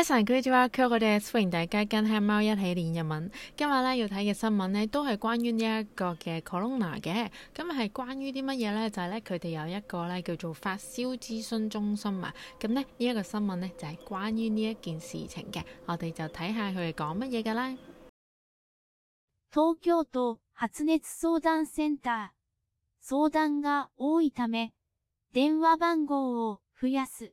今日我哋歡迎大家跟黑貓一起練日文。今日咧要睇嘅新聞呢，都係關於呢一個嘅 Corona 嘅。今日係關於啲乜嘢咧？就係咧佢哋有一個咧叫做發燒諮詢中心啊。咁呢，呢一個新聞咧就係關於呢一件事情嘅。我哋就睇下佢係講乜嘢嘅啦。東京都発熱相談センター相談が多いため電話番號を増やす。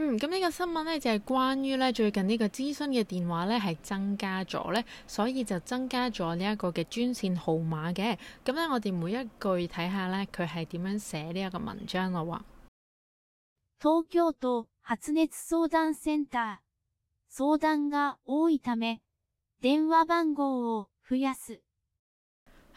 嗯，咁呢個新聞咧就係關於咧最近呢個諮詢嘅電話咧係增加咗咧，所以就增加咗呢一個嘅專線號碼嘅。咁咧，我哋每一句睇下咧佢係點樣寫呢一個文章嘅喎。東京都発熱相談センター、相談が多いため電話番號を増やす。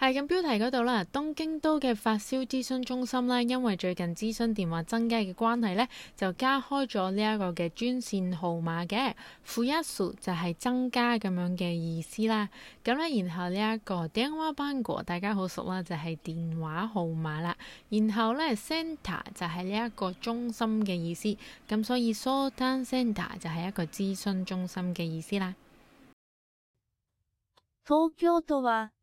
係咁，標題嗰度啦，東京都嘅發燒諮詢中心呢，因為最近諮詢電話增加嘅關係呢，就加開咗呢一個嘅專線號碼嘅。負一數就係增加咁樣嘅意思啦。咁呢，然後呢一個電話番號大家好熟啦，就係電話號碼啦。然後呢 center 就係呢一個中心嘅意思。咁所以 soudan center 就係一個諮詢中心嘅意思啦。東京都啊。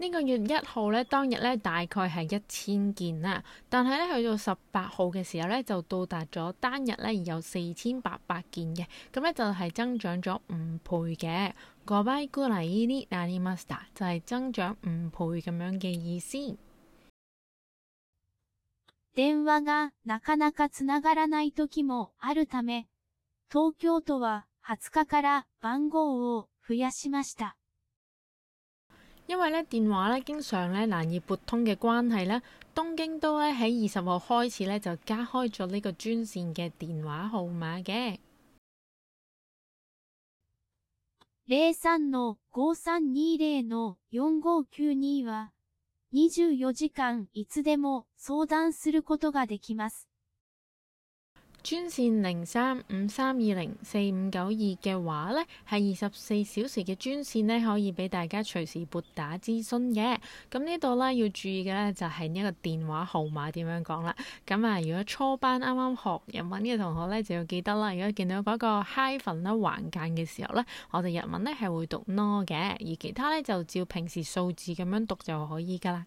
呢個月一號咧，當日咧大概係一千件啦，但係咧去到十八號嘅時候咧，就到達咗單日咧有四千八百件嘅，咁咧就係增長咗五倍嘅。Goblin Elite Animaster 就係增長五倍咁樣嘅意思。因為咧電話咧經常咧難以撥通嘅關係咧，東京都咧喺二十號開始咧就加開咗呢個專線嘅電話號碼嘅。專線零三五三二零四五九二嘅話咧，係二十四小時嘅專線咧，可以俾大家隨時撥打諮詢嘅。咁呢度啦，要注意嘅咧，就係呢個電話號碼點樣講啦。咁啊，如果初班啱啱學日文嘅同學咧，就要記得啦。如果見到嗰、那個 hyphen 啦橫間嘅時候咧，我哋日文咧係會讀 no 嘅，而其他咧就照平時數字咁樣讀就可以噶啦。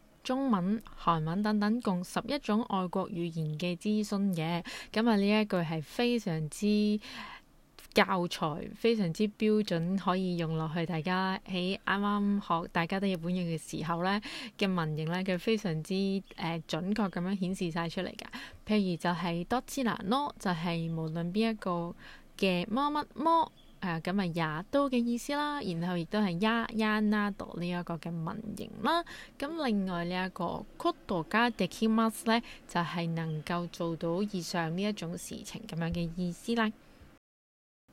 中文、韓文等等，共十一種外國語言嘅諮詢嘅。噉呢一句係非常之教材，非常之標準，可以用落去大家喺啱啱學大家嘅日本語嘅時候咧嘅文型咧，佢非常之誒、呃、準確咁樣顯示晒出嚟㗎。譬如就係、是、多姿難攞，就係、是、無論邊一個嘅乜乜乜。係咁咪也都嘅意思啦。然後亦都係 ya yanado 呢一個嘅文型啦。咁另外呢、這、一個 kudo 加 dekimasu 呢，就係、是、能夠做到以上呢一種事情咁樣嘅意思啦。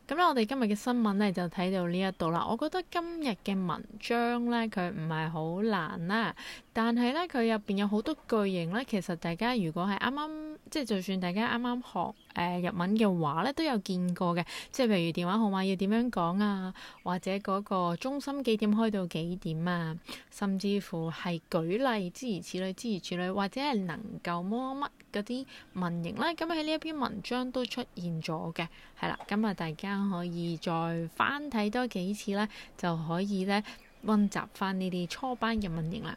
咁我哋今日嘅新聞呢，就睇到呢一度啦。我覺得今日嘅文章呢，佢唔係好難啦，但係呢，佢入邊有好多句型呢。其實大家如果係啱啱，即係就算大家啱啱學。誒，日文嘅話咧都有見過嘅，即係譬如電話號碼要點樣講啊，或者嗰個中心幾點開到幾點啊，甚至乎係舉例，諸如此類，諸如此類，或者係能夠摸乜嗰啲文型啦。咁喺呢一篇文章都出現咗嘅，係、嗯、啦，今、嗯、日大家可以再翻睇多幾次咧，就可以咧，溫習翻呢啲初班嘅文型啦，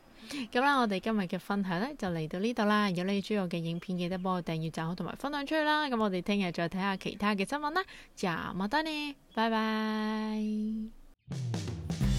咁啦，我哋今日嘅分享呢，就嚟到呢度啦。如果你中意我嘅影片，記得幫我訂閱、讚好同埋分享出去啦。咁我哋聽日再睇下其他嘅新聞啦。就咁多呢，拜拜。